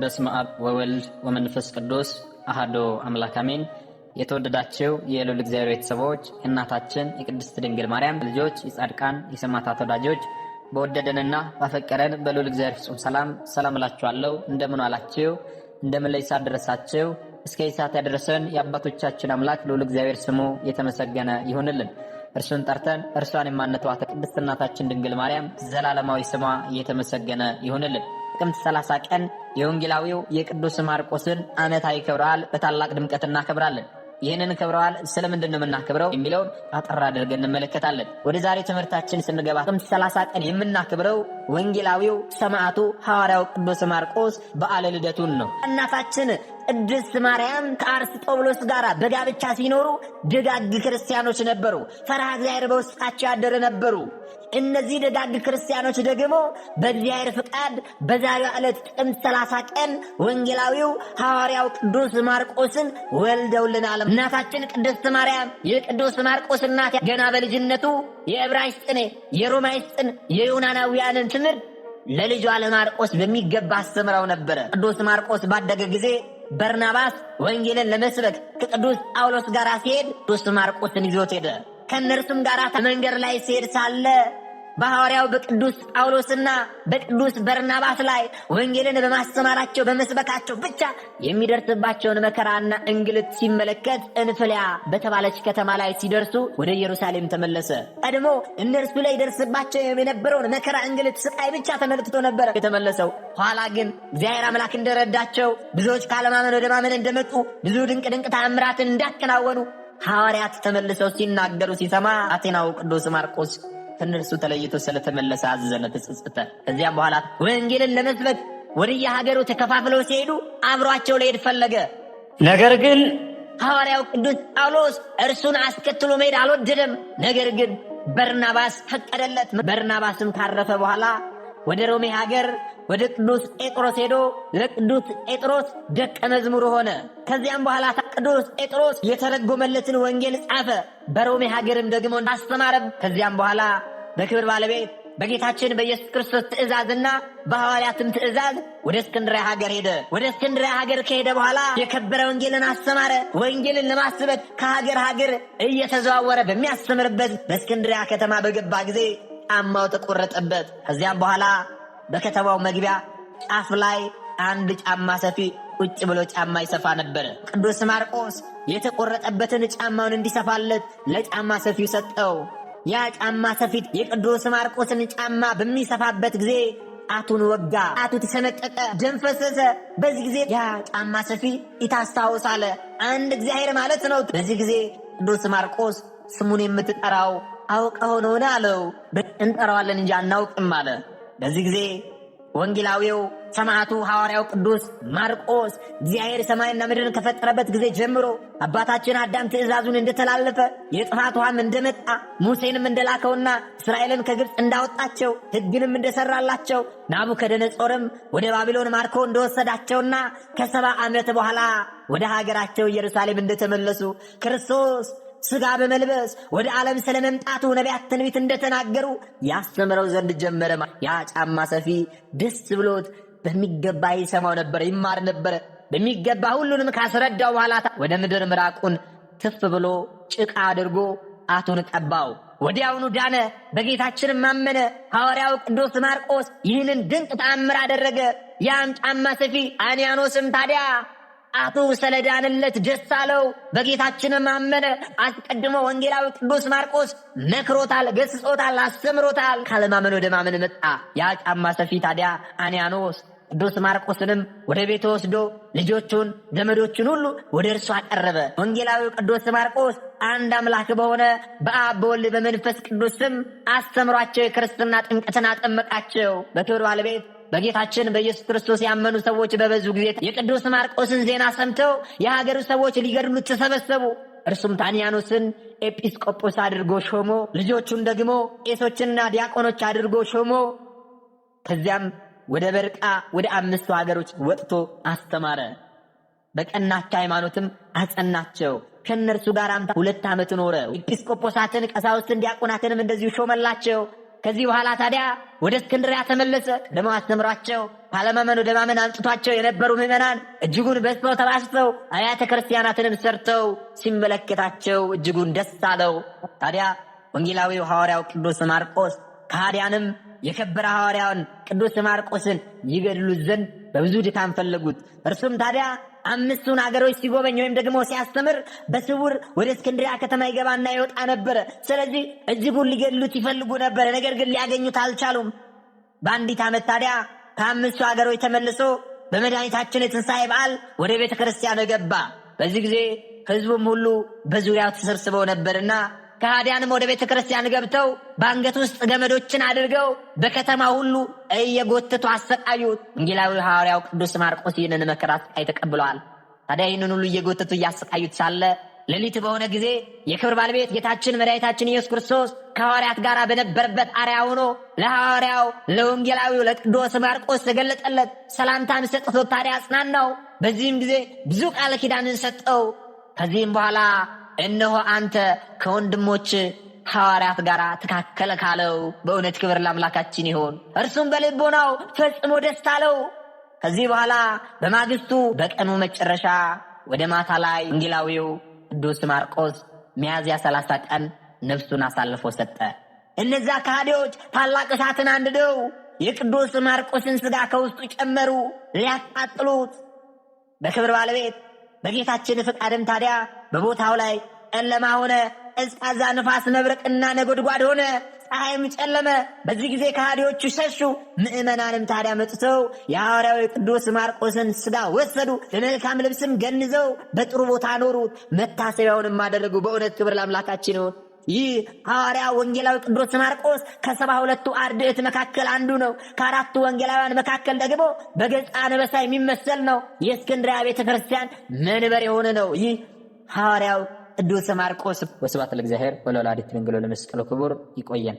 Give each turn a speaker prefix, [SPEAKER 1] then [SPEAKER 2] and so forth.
[SPEAKER 1] በስመ አብ ወወልድ ወመንፈስ ቅዱስ አህዶ አምላክ አሜን። የተወደዳቸው የልዑል እግዚአብሔር ቤተሰቦች፣ እናታችን የቅድስት ድንግል ማርያም ልጆች፣ የጻድቃን የሰማዕታት ወዳጆች፣ በወደደንና ባፈቀረን በልዑል እግዚአብሔር ፍጹም ሰላም ሰላም እላችኋለሁ። እንደምን አላችሁ? እንደምን ለይሳ ደረሳችሁ? እስከ ይሳት ያደረሰን የአባቶቻችን አምላክ ልዑል እግዚአብሔር ስሙ የተመሰገነ ይሁንልን። እርሱን ጠርተን እርሷን የማንተዋት ቅድስት እናታችን ድንግል ማርያም ዘላለማዊ ስሟ እየተመሰገነ ይሁንልን። ጥቅምት 30 ቀን የወንጌላዊው የቅዱስ ማርቆስን ዓመታዊ ክብረ በዓል በታላቅ ድምቀት እናከብራለን። ይህንን ክብረ በዓል ስለምንድን ነው የምናክብረው የሚለውን አጠር አድርገን እንመለከታለን። ወደ ዛሬ ትምህርታችን ስንገባ ጥቅምት 30 ቀን የምናክብረው ወንጌላዊው ሰማዕቱ ሐዋርያው ቅዱስ ማርቆስ በዓለ ልደቱን ነው።
[SPEAKER 2] እናታችን ቅድስት ማርያም ጳውሎስ ጋር በጋብቻ ሲኖሩ ደጋግ ክርስቲያኖች ነበሩ። ፈርሃ እግዚአብሔር በውስጣቸው ያደረ ነበሩ። እነዚህ ደጋግ ክርስቲያኖች ደግሞ በእግዚአብሔር ፍቃድ በዛሬዋ ዕለት ጥቅምት 30 ቀን ወንጌላዊው ሐዋርያው ቅዱስ ማርቆስን ወልደውልናል። እናታችን ቅድስት ማርያም የቅዱስ ማርቆስ እናት ገና በልጅነቱ የዕብራይስጥን፣ የሮማይስጥን፣ የዮናናውያንን ትምህርት ለልጇ ለማርቆስ በሚገባ አስተምረው ነበረ። ቅዱስ ማርቆስ ባደገ ጊዜ በርናባስ ወንጌልን ለመስበክ ከቅዱስ ጳውሎስ ጋር ሲሄድ ቅዱስ ማርቆስን ይዞት ሄደ። ከእነርሱም ጋር መንገድ ላይ ሲሄድ ሳለ በሐዋርያው በቅዱስ ጳውሎስና በቅዱስ በርናባስ ላይ ወንጌልን በማስተማራቸው በመስበካቸው ብቻ የሚደርስባቸውን መከራና እንግልት ሲመለከት እንፍልያ በተባለች ከተማ ላይ ሲደርሱ ወደ ኢየሩሳሌም ተመለሰ። ቀድሞ እነርሱ ላይ ደርስባቸው የነበረውን መከራ፣ እንግልት፣ ስቃይ ብቻ ተመልክቶ ነበረ የተመለሰው። ኋላ ግን እግዚአብሔር አምላክ እንደረዳቸው ብዙዎች ካለማመን ወደ ማመን እንደመጡ ብዙ ድንቅ ድንቅ ታምራትን እንዳከናወኑ ሐዋርያት ተመልሰው ሲናገሩ ሲሰማ አቴናው ቅዱስ ማርቆስ ከእነርሱ ተለይቶ ስለተመለሰ አዘነ፣ ተጸጸተ። ከዚያም በኋላ ወንጌልን ለመስበክ ወደየ ሀገሩ ተከፋፍለው ሲሄዱ አብሯቸው ለሄድ ፈለገ። ነገር ግን ሐዋርያው ቅዱስ ጳውሎስ እርሱን አስከትሎ መሄድ አልወደደም። ነገር ግን በርናባስ ፈቀደለት። በርናባስም ካረፈ በኋላ ወደ ሮሜ ሀገር ወደ ቅዱስ ጴጥሮስ ሄዶ ለቅዱስ ጴጥሮስ ደቀ መዝሙር ሆነ። ከዚያም በኋላ ቅዱስ ጴጥሮስ የተረጎመለትን ወንጌል ጻፈ፣ በሮሜ ሀገርም ደግሞ አስተማረም። ከዚያም በኋላ በክብር ባለቤት በጌታችን በኢየሱስ ክርስቶስ ትእዛዝና በሐዋርያትም ትእዛዝ ወደ እስክንድሪያ ሀገር ሄደ። ወደ እስክንድሪያ ሀገር ከሄደ በኋላ የከበረ ወንጌልን አስተማረ። ወንጌልን ለማስበት ከሀገር ሀገር እየተዘዋወረ በሚያስተምርበት በእስክንድሪያ ከተማ በገባ ጊዜ ጫማው ተቆረጠበት። ከዚያም በኋላ በከተማው መግቢያ ጫፍ ላይ አንድ ጫማ ሰፊ ቁጭ ብሎ ጫማ ይሰፋ ነበር ቅዱስ ማርቆስ የተቆረጠበትን ጫማውን እንዲሰፋለት ለጫማ ሰፊው ሰጠው። ያ ጫማ ሰፊት የቅዱስ ማርቆስን ጫማ በሚሰፋበት ጊዜ ጣቱን ወጋ፣ ጣቱ ተሰነጠቀ፣ ደም ፈሰሰ። በዚህ ጊዜ ያ ጫማ ሰፊ ይታስታውስ አለ። አንድ እግዚአብሔር ማለት ነው። በዚህ ጊዜ ቅዱስ ማርቆስ ስሙን የምትጠራው አውቀ ሆነሆነ አለው። እንጠራዋለን እንጂ አናውቅም አለ። በዚህ ጊዜ ወንጌላዊው ሰማዕቱ ሐዋርያው ቅዱስ ማርቆስ እግዚአብሔር ሰማይና ምድርን ከፈጠረበት ጊዜ ጀምሮ አባታችን አዳም ትእዛዙን እንደተላለፈ የጥፋት ውሃም እንደመጣ ሙሴንም እንደላከውና እስራኤልን ከግብፅ እንዳወጣቸው ሕግንም እንደሰራላቸው ናቡከደነጾርም ወደ ባቢሎን ማርኮ እንደወሰዳቸውና ከሰባ ዓመት በኋላ ወደ ሀገራቸው ኢየሩሳሌም እንደተመለሱ ክርስቶስ ሥጋ በመልበስ ወደ ዓለም ስለ መምጣቱ ነቢያት ትንቢት እንደተናገሩ ያስተምረው ዘንድ ጀመረ። ያ ጫማ ሰፊ ደስ ብሎት በሚገባ ይሰማው ነበረ፣ ይማር ነበረ። በሚገባ ሁሉንም ካስረዳው በኋላ ወደ ምድር ምራቁን ትፍ ብሎ ጭቃ አድርጎ አቶን ቀባው። ወዲያውኑ ዳነ፣ በጌታችንም አመነ። ሐዋርያው ቅዱስ ማርቆስ ይህንን ድንቅ ተአምር አደረገ። ያም ጫማ ሰፊ አንያኖስም ታዲያ አቶ ሰለዳንለት ደስ አለው። በጌታችንም አመነ። አስቀድሞ ወንጌላዊ ቅዱስ ማርቆስ መክሮታል፣ ገስጾታል፣ አስተምሮታል። ካለማመን ወደ ማመን መጣ። ያ ጫማ ሰፊ ታዲያ አንያኖስ ቅዱስ ማርቆስንም ወደ ቤቱ ወስዶ ልጆቹን ዘመዶቹን ሁሉ ወደ እርሱ አቀረበ። ወንጌላዊው ቅዱስ ማርቆስ አንድ አምላክ በሆነ በአብ በወልድ በመንፈስ ቅዱስም አስተምሯቸው የክርስትና ጥምቀትን አጠመቃቸው። በክብር ባለቤት በጌታችን በኢየሱስ ክርስቶስ ያመኑ ሰዎች በበዙ ጊዜ የቅዱስ ማርቆስን ዜና ሰምተው የሀገሩ ሰዎች ሊገድሉት ተሰበሰቡ። እርሱም ታንያኖስን ኤጲስቆጶስ አድርጎ ሾሞ፣ ልጆቹን ደግሞ ቄሶችና ዲያቆኖች አድርጎ ሾሞ ከዚያም ወደ በርቃ ወደ አምስቱ ሀገሮች ወጥቶ አስተማረ። በቀናች ሃይማኖትም አጸናቸው። ከእነርሱ ጋር ሁለት ዓመት ኖረ። ኤጲስቆጶሳትን፣ ቀሳውስትን፣ ዲያቆናትንም እንደዚሁ ሾመላቸው። ከዚህ በኋላ ታዲያ ወደ እስክንድሪያ ተመለሰ። ደግሞ አስተምሯቸው ካለማመን ወደ ማመን አምጥቷቸው የነበሩ ምዕመናን እጅጉን በዝተው ተባስተው አብያተ ክርስቲያናትንም ሰርተው ሲመለከታቸው እጅጉን ደስ አለው። ታዲያ ወንጌላዊው ሐዋርያው ቅዱስ ማርቆስ ከሃዲያንም የከበረ ሐዋርያውን ቅዱስ ማርቆስን ይገድሉት ዘንድ በብዙ ድካም ፈለጉት። እርሱም ታዲያ አምስቱን አገሮች ሲጎበኝ ወይም ደግሞ ሲያስተምር በስውር ወደ እስክንድሪያ ከተማ ይገባና ይወጣ ነበረ። ስለዚህ እጅጉን ሊገድሉት ይፈልጉ ነበረ፣ ነገር ግን ሊያገኙት አልቻሉም። በአንዲት ዓመት ታዲያ ከአምስቱ አገሮች ተመልሶ በመድኃኒታችን የትንሣኤ በዓል ወደ ቤተ ክርስቲያን ገባ። በዚህ ጊዜ ሕዝቡም ሁሉ በዙሪያው ተሰብስበው ነበርና ከሃዲያንም ወደ ቤተ ክርስቲያን ገብተው በአንገት ውስጥ ገመዶችን አድርገው በከተማ ሁሉ እየጎተቱ አሰቃዩት። ወንጌላዊ ሐዋርያው ቅዱስ ማርቆስ ይህንን መከራ ስቃይ ተቀብለዋል። ታዲያ ይህንን ሁሉ እየጎተቱ እያሰቃዩት ሳለ ሌሊት በሆነ ጊዜ የክብር ባለቤት ጌታችን መድኃኒታችን ኢየሱስ ክርስቶስ ከሐዋርያት ጋር በነበረበት አርያ ሆኖ ለሐዋርያው ለወንጌላዊው ለቅዱስ ማርቆስ ተገለጠለት። ሰላምታን ሰጥቶ ታዲያ አጽናናው። በዚህም ጊዜ ብዙ ቃል ኪዳንን ሰጠው። ከዚህም በኋላ እነሆ አንተ ከወንድሞች ሐዋርያት ጋር ትካከለ ካለው በእውነት ክብር ለአምላካችን ይሆን። እርሱም በልቦናው ፈጽሞ ደስ አለው። ከዚህ በኋላ በማግስቱ በቀኑ መጨረሻ ወደ ማታ ላይ ወንጌላዊው ቅዱስ
[SPEAKER 1] ማርቆስ ሚያዝያ 30 ቀን ነፍሱን አሳልፎ ሰጠ።
[SPEAKER 2] እነዚያ ከሃዲዎች ታላቅ እሳትን አንድደው የቅዱስ ማርቆስን ሥጋ ከውስጡ ጨመሩ ሊያቃጥሉት። በክብር ባለቤት በጌታችን ፍቃድም ታዲያ በቦታው ላይ ጨለማ ሆነ፣ ቀዝቃዛ ንፋስ መብረቅና ነጎድጓድ ሆነ፣ ፀሐይም ጨለመ። በዚህ ጊዜ ከሃዲዎቹ ሸሹ። ምዕመናንም ታዲያ መጥተው የሐዋርያዊ ቅዱስ ማርቆስን ሥጋ ወሰዱ፣ በመልካም ልብስም ገንዘው በጥሩ ቦታ ኖሩት፣ መታሰቢያውንም አደረጉ። በእውነት ክብር ለአምላካችን ይሁን። ይህ ሐዋርያ ወንጌላዊ ቅዱስ ማርቆስ ከሰባ ሁለቱ አርድእት መካከል አንዱ ነው። ከአራቱ ወንጌላውያን መካከል ደግሞ በገጸ አንበሳ
[SPEAKER 1] የሚመሰል ነው። የእስክንድሪያ ቤተ ክርስቲያን መንበር የሆነ ነው። ይህ ሐዋርያው ቅዱስ ማርቆስ። ወስብሐት ለእግዚአብሔር ወለወላዲቱ ድንግል ወለመስቀሉ ክቡር። ይቆየን።